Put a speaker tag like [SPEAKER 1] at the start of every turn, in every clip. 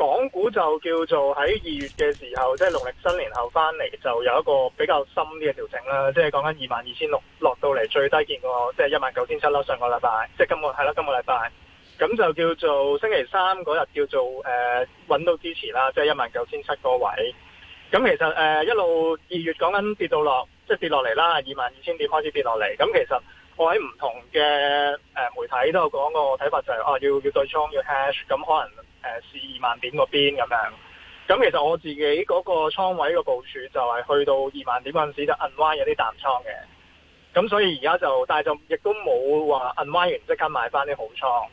[SPEAKER 1] 港股就叫做喺二月嘅時候，即係農曆新年後翻嚟，就有一個比較深啲嘅調整啦。即係講緊二萬二千六落到嚟最低見過，即係一萬九千七啦。上個禮拜，即係今個係啦，今個禮拜咁就叫做星期三嗰日叫做誒揾到支持啦，即係一萬九千七個位。咁其實誒一路二月講緊跌到落，即係跌落嚟啦，二萬二千點開始跌落嚟。咁其實我喺唔同嘅媒體都有講過，睇法就係啊要要對沖要 hash，咁可能。誒、呃，是二萬點嗰邊咁樣，咁其實我自己嗰個倉位嘅部署就係去到二萬點嗰陣時就 unwind 有啲淡倉嘅，咁所以而家就，但係就亦都冇話 unwind 完即刻買翻啲好倉，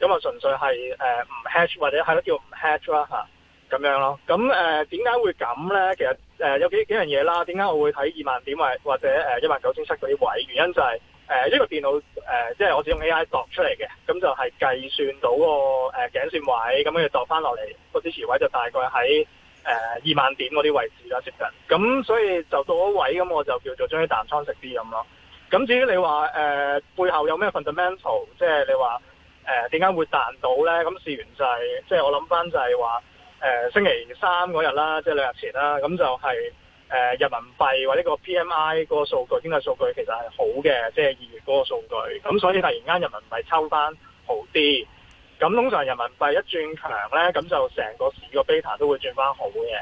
[SPEAKER 1] 咁啊純粹係誒唔、呃、hatch 或者係叫唔 hatch 啦、啊、吓，咁樣咯，咁誒點解會咁咧？其實誒、呃、有幾幾樣嘢啦，點解我會睇二萬點或或者誒一萬九千七嗰啲位？原因就係、是。誒、呃、一、這個電腦誒、呃，即係我用 A.I. 度出嚟嘅，咁就係計算到個誒頸線位，咁樣度翻落嚟個支持位就大概喺、呃、二萬點嗰啲位置啦，接近。咁所以就到咗位，咁我就叫做將啲彈倉食啲咁咯。咁至於你話、呃、背後有咩 fundamental，即係你話點解會彈到咧？咁事緣就係、是，即、就、係、是、我諗翻就係話、呃、星期三嗰日啦，即、就、係、是、兩日前啦，咁就係、是。誒、呃、人民幣或者個 PMI 個數據，經濟數據其實係好嘅，即係二月嗰個數據，咁所以突然間人民幣抽翻好啲，咁通常人民幣一轉強呢，咁就成個市個 beta 都會轉翻好嘅。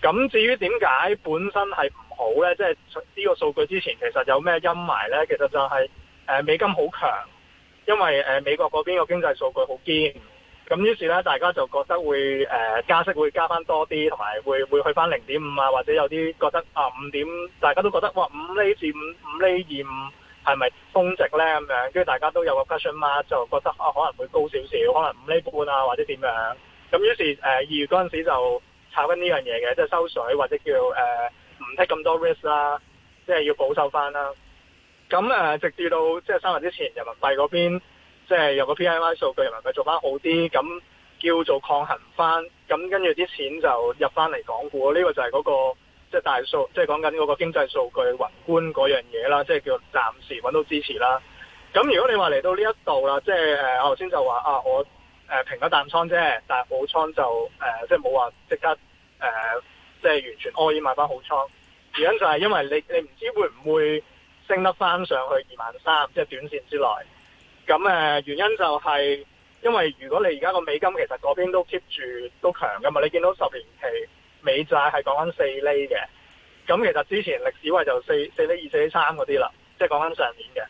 [SPEAKER 1] 咁至於點解本身係唔好呢？即係呢個數據之前其實有咩陰霾呢？其實就係、是、誒、呃、美金好強，因為誒、呃、美國嗰邊個經濟數據好堅。咁於是咧，大家就覺得會誒、呃、加息會加翻多啲，同埋會會去翻零點五啊，或者有啲覺得啊五、呃、點，大家都覺得哇五厘至五五厘二五係咪峰值咧咁樣？跟住大家都有個 question mark，就覺得啊、呃、可能會高少少，可能五厘半啊或者點樣？咁於是誒二、呃、月嗰陣時就炒緊呢樣嘢嘅，即係收水或者叫誒唔 take 咁多 risk 啦，即係要保守翻啦。咁誒直至到即係三日之前，人民幣嗰邊。即、就、係、是、有個 PMI 數據，人民幣做翻好啲，咁叫做抗衡翻，咁跟住啲錢就入翻嚟港股。呢、這個就係嗰、那個即係、就是、大數，即、就、係、是、講緊嗰個經濟數據宏觀嗰樣嘢啦，即、就、係、是、叫暫時揾到支持啦。咁如果你話嚟到呢一度啦，即、就、係、是、我頭先就話啊，我誒、呃、平咗淡倉啫，但係好倉就誒，即係冇話即刻誒，即、呃、係、就是、完全可以買翻好倉。原因就係因為你你唔知會唔會升得翻上去二萬三，即係短線之內。咁誒原因就係因為如果你而家個美金其實嗰邊都 keep 住都強㗎嘛，你見到十年期美債係講緊四厘嘅，咁其實之前歷史位就四四厘二、四厘三嗰啲啦，即係講緊上年嘅。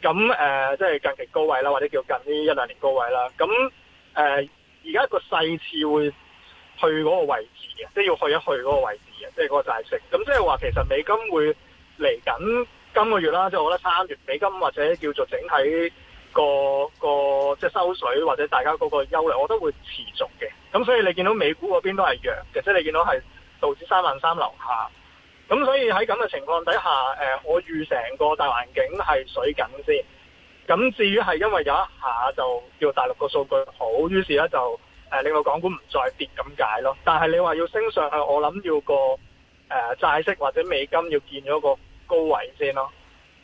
[SPEAKER 1] 咁誒即係近期高位啦，或者叫近呢一兩年高位啦。咁誒而家個細次會去嗰個位置嘅，即係要去一去嗰個位置嘅，即係嗰個債息。咁即係話其實美金會嚟緊今個月啦，即係我覺得三月美金或者叫做整體。個個即係收水或者大家嗰個憂慮，我都會持續嘅。咁所以你見到美股嗰邊都係弱嘅，即、就、係、是、你見到係道指三萬三樓下。咁所以喺咁嘅情況底下，誒、呃，我預成個大環境係水緊先。咁至於係因為有一下就叫大陸個數據好，於是咧就誒令到港股唔再跌咁解咯。但係你話要升上，去，我諗要個誒債、呃、息或者美金要見咗個高位先咯。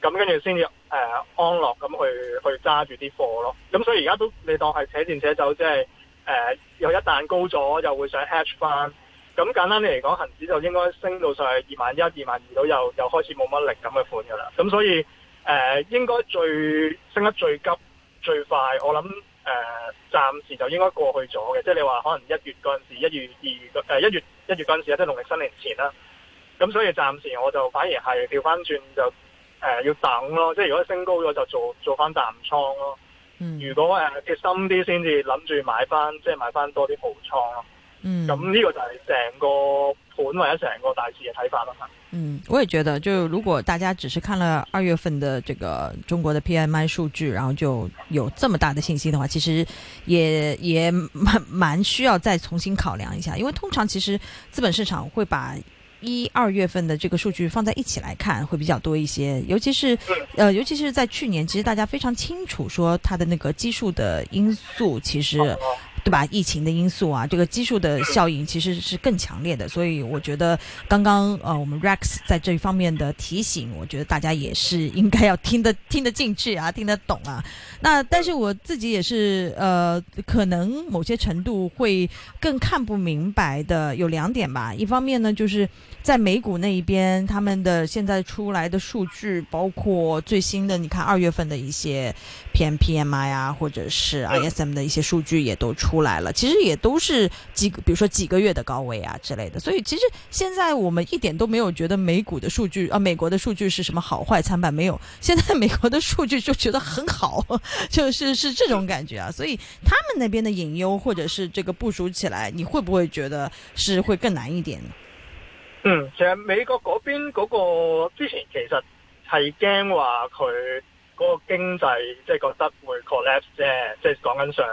[SPEAKER 1] 咁跟住先至誒安樂咁去去揸住啲貨咯。咁所以而家都你當係扯線扯走，即係誒又一旦高咗，又會想 hedge 翻。咁簡單啲嚟講，恒指就應該升到上係二萬一、二萬二到又又開始冇乜力咁嘅款㗎啦。咁所以誒、呃、應該最升得最急最快，我諗誒暫時就應該過去咗嘅。即係你話可能一月嗰陣時，一月二誒一月一、呃、月嗰陣時，即係農曆新年前啦。咁所以暫時我就反而係調翻轉就。呃、要等咯，即係如果升高咗就做做翻淡倉咯。嗯，如果誒跌深啲先至諗住買翻，即係買翻多啲好倉
[SPEAKER 2] 咯。嗯，咁呢個就係
[SPEAKER 1] 成個盤或者成個大市嘅睇法啦。
[SPEAKER 2] 嗯，我也覺得，就如果大家只是看了二月份的這個中國的 PMI 數據，然後就有這麼大的信心的話，其實也也蠻需要再重新考量一下，因為通常其實資本市場會把。一二月份的這個數據放在一起來看會比較多一些，尤其是，呃，尤其是在去年，其實大家非常清楚說它的那個基數的因素，其實。對吧？疫情的因素啊，這個基數的效應其實是更強烈的，所以我覺得剛剛呃，我們 Rex 在這一方面的提醒，我覺得大家也是應該要聽得聽得進去啊，聽得懂啊。那但是我自己也是呃，可能某些程度會更看不明白的，有兩點吧。一方面呢，就是在美股那一邊，他們的現在出來的數據，包括最新的，你看二月份的一些 PM PMI 呀、啊，或者是 ISM 的一些數據也都出。出來了，其實也都是幾個，比如說幾個月的高位啊之類的，所以其實現在我們一點都沒有覺得美股的數據啊，美國的數據是什麼好壞參半，沒有。現在美國的數據就覺得很好，就是是這種感覺啊。所以他們那邊的隱憂或者是這個部署起來，你會不會覺得是會更難一點呢？嗯，
[SPEAKER 1] 其實美國嗰邊嗰個之前其實係驚話，佢嗰個經濟即係覺得會 collapse 啫，即係講緊上。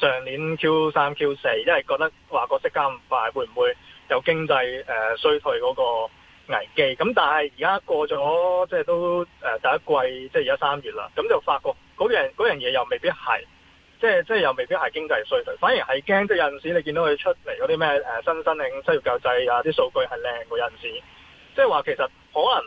[SPEAKER 1] 上年 Q 三、Q 四，因為覺得話個息加唔快，會唔會有經濟誒衰退嗰個危機？咁但係而家過咗，即係都誒第一季，即係而家三月啦，咁就發覺嗰樣嘢又未必係，即係即係又未必係經濟衰退，反而係驚，即係有陣時你見到佢出嚟嗰啲咩誒新申請失業救濟啊啲數據係靚嘅，有陣時，即係話其實可能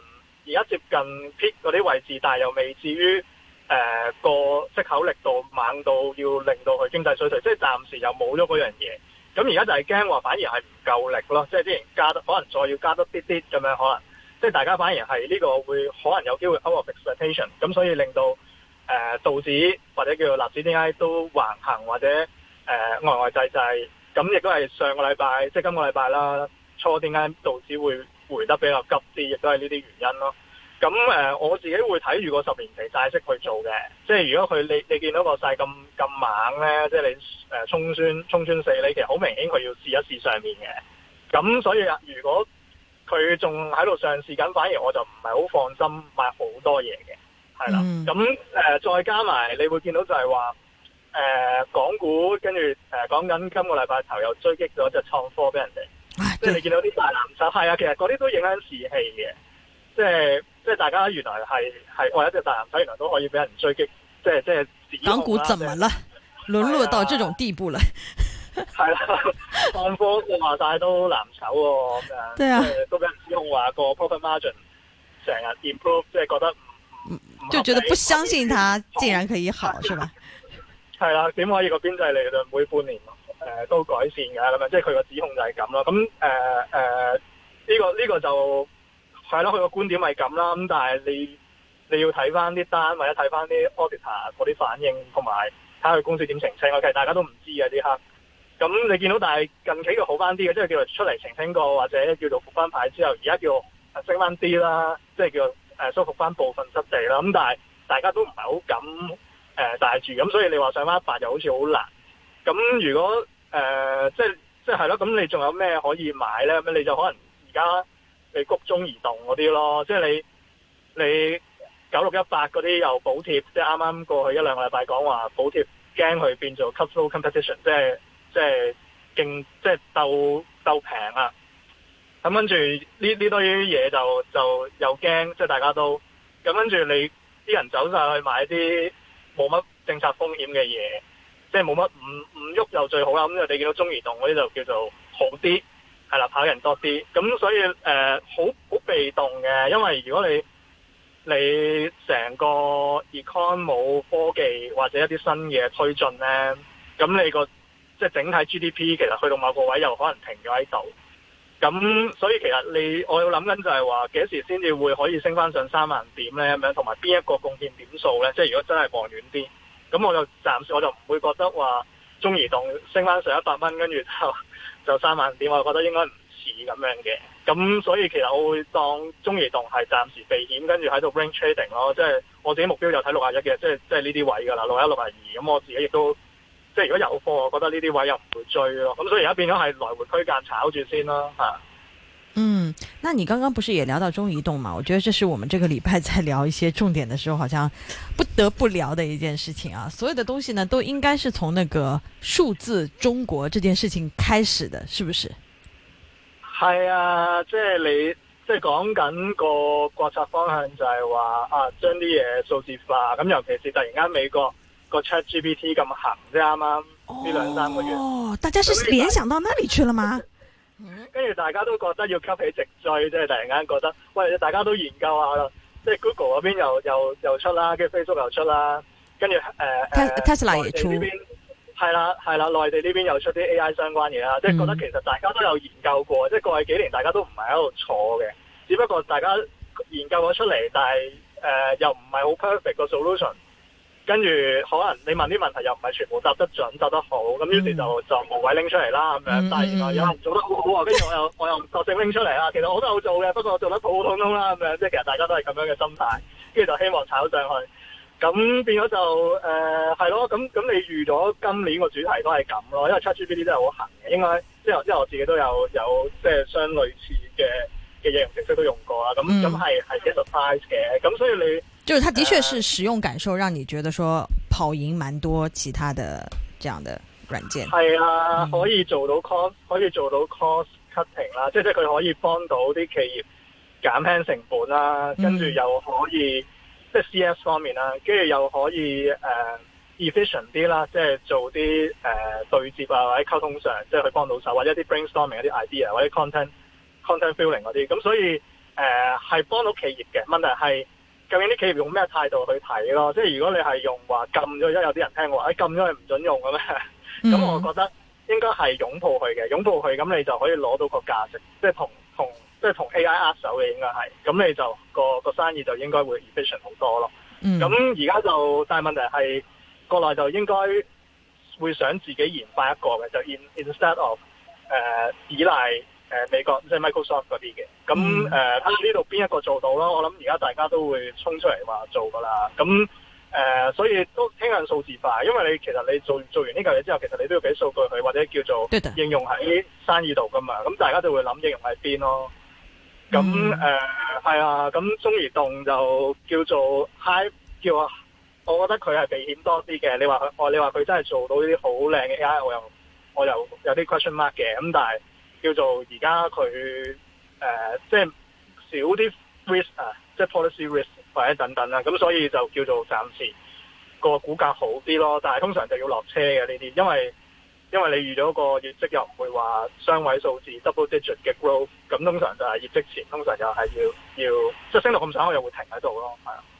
[SPEAKER 1] 而家接近 Peak 嗰啲位置，但係又未至於。誒、呃、那個息口力度猛到要令到佢經濟衰退，即係暫時又冇咗嗰樣嘢。咁而家就係驚話反而係唔夠力咯，即係加得可能再要加多啲啲咁樣可能，即係大家反而係呢個會可能有機會 out of expectation，咁所以令到誒、呃、道指或者叫做納指點解都橫行或者誒、呃、呆呆滯滯，咁亦都係上個禮拜即係今個禮拜啦，初點解道指會回得比較急啲，亦都係呢啲原因咯。咁誒，我自己會睇住個十年期債息去做嘅，即係如果佢你你見到個勢咁咁猛咧，即係你、呃、衝穿衝穿四，你其實好明顯佢要試一試上面嘅。咁所以啊，如果佢仲喺度嘗試緊，反而我就唔係好放心買好多嘢嘅，係啦。咁、mm. 呃、再加埋，你會見到就係話、呃、港股跟住誒講緊今個禮拜頭又追擊咗、啊，隻創科俾人哋，即係你見到啲大藍籌係啊，其實嗰啲都影響士氣嘅，即係。即係大家原來係係為咗隻大藍籌，原來都可以俾人追擊，即係即係港股怎麼了？
[SPEAKER 2] 淪落到這種地步
[SPEAKER 1] 了？係、啊、啦，放 貨話晒，都難守咁啊！對啊，都俾人指控話個 profit margin 成日 improve，即係覺得就覺得不
[SPEAKER 2] 相信他竟然可以好，啊、是吧？
[SPEAKER 1] 係、啊、啦，點可以個邊際利潤每半年誒、呃、都改善噶？咁啊，即係佢個指控就係咁咯。咁誒誒呢個呢、呢個就。係咯，佢個觀點咪咁啦。咁但係你你要睇翻啲單位，或者睇翻啲 auditor 嗰啲反應，同埋睇佢公司點澄清。其實大家都唔知啊呢刻。咁你見到但係近期佢好翻啲嘅，即係叫出嚟澄清過，或者叫做復翻牌之後，而家叫升翻啲啦，即係叫誒收復翻部分失地啦。咁但係大家都唔係好敢誒帶住，咁所以你話上翻一八就好似好難。咁如果即係即係係咯，咁、呃即係即係、你仲有咩可以買咧？咁你就可能而家。你谷中移動嗰啲咯，即係你你九六一八嗰啲又補貼，即係啱啱過去一兩個禮拜講話補貼，驚佢變做 cutthroat competition，即係即係勁即係鬥鬥平啊。咁跟住呢呢堆嘢就就又驚即係大家都咁跟住，你啲人走晒去買啲冇乜政策風險嘅嘢，即係冇乜唔唔喐就最好啦。咁就你見到中移動嗰啲就叫做好啲。係啦，跑人多啲，咁所以誒好好被動嘅，因為如果你你成個 economy 冇科技或者一啲新嘅推進呢，咁你個即係整體 GDP 其實去到某個位又可能停咗喺度。咁所以其實你我諗緊就係話幾時先至會可以升翻上三萬點呢？咁樣，同埋邊一個貢獻點數呢？即係如果真係望遠啲，咁我就暫時我就唔會覺得話中移動升翻上一百蚊跟住就三萬點，我覺得應該唔似咁樣嘅，咁所以其實我會當中移動係暫時避險，跟住喺度 range trading 咯，即係我自己目標就睇六廿一嘅，即係即係呢啲位㗎啦，六廿一、六廿二，咁我自己亦都即係如果有貨，我覺得呢啲位又唔會追咯，咁所以而家變咗係來回區間炒住先啦，嚇。
[SPEAKER 2] 嗯，那你剛剛不是也聊到中移動嘛？我覺得這是我們這個禮拜在聊一些重點的時候，好像不得不聊的一件事情啊。所有的東西呢，都應該是從那個數字中國這件事情開始的，是不是？
[SPEAKER 1] 係啊，即係你即係講緊個國策方向，就係話啊，將啲嘢數字化。咁尤其是突然間美國個 ChatGPT 咁行，啫啱啱呢兩三個月。哦，
[SPEAKER 2] 大家是聯想到那裡去了嗎？
[SPEAKER 1] 跟住大家都覺得要急起直追，即係突然間覺得，喂，大家都研究一下咯，即係 Google 嗰邊又又又出啦，跟住 Facebook 又出啦，跟住誒，Tesla 呢邊係啦係啦，內地呢邊又出啲 AI 相關嘢啦，即係覺得其實大家都有研究過，即係過去幾年大家都唔係喺度坐嘅，只不過大家研究咗出嚟，但係誒、呃、又唔係好 perfect 個 solution。跟住可能你問啲問題又唔係全部答得準答得好，咁於是就、嗯、就，就無謂拎出嚟啦咁樣。但係原來有人做得好好，跟、嗯、住我又我又作證拎出嚟啦，其實我都有做嘅，不過我做得普普通通啦咁樣，即、嗯、係其實大家都係咁樣嘅心態，跟住就希望炒上去。咁變咗就係、呃、咯，咁咁你預咗今年個主題都係咁咯，因為 ChatGPT 真係好行嘅，應該即係因為我自己都有有即係相類似嘅嘅應用程式都用過啦。咁咁係係幾 surprise 嘅，咁、嗯、所以你。就是他的確是
[SPEAKER 2] 使用感受，讓你覺得說跑贏蠻多其他的這樣的軟件。係、
[SPEAKER 1] 嗯、 啊，可以做到 cost，可以做到 cost cutting 啦，即係即係佢可以幫到啲企業減輕成本啦，跟住又可以、嗯、即係 C S 方面啦，跟住又可以誒、呃、efficient 啲啦，即、就、係、是、做啲誒對接啊或者溝通上，即係去幫到手或者一啲 brainstorming 一啲 idea 或者 content content feeling 啲，咁、嗯、所以誒係幫到企業嘅，問題係。究竟啲企業用咩態度去睇咯？即係如果你係用話禁咗，因為有啲人聽話，哎禁咗係唔準用嘅咩？咁、mm-hmm. 我覺得應該係擁抱佢嘅，擁抱佢咁你就可以攞到個價值，即係同同即係同 AI 握手嘅應該係。咁你就、嗰個個生意就應該會 efficient 好多咯。咁而家就大問題係國內就應該會想自己研發一個嘅，就 in instead of 誒依賴。誒，美國即係 Microsoft 嗰啲嘅，咁誒，睇呢度邊一個做到咯？我諗而家大家都會衝出嚟話做噶啦，咁誒、呃，所以都傾向數字化，因為你其實你做做完呢嚿嘢之後，其實你都要俾數據佢，或者叫做應用喺生意度噶嘛，咁大家就會諗應用喺邊咯。咁誒，係、嗯呃、啊，咁中移動就叫做 Hi，叫我覺得佢係避險多啲嘅。你話佢，我你話佢真係做到呢啲好靚嘅 AI，我又我又有啲 question mark 嘅，咁但係。叫做而家佢誒，即係少啲 risk 啊，即係 policy risk 或者等等啦。咁所以就叫做暫時個股價好啲咯。但係通常就要落車嘅呢啲，因為因為你預咗個業績又唔會話雙位數字 double digit 嘅 growth，咁通常就係業績前，通常就係要要即係升到咁上，我又會停喺度咯，係啊。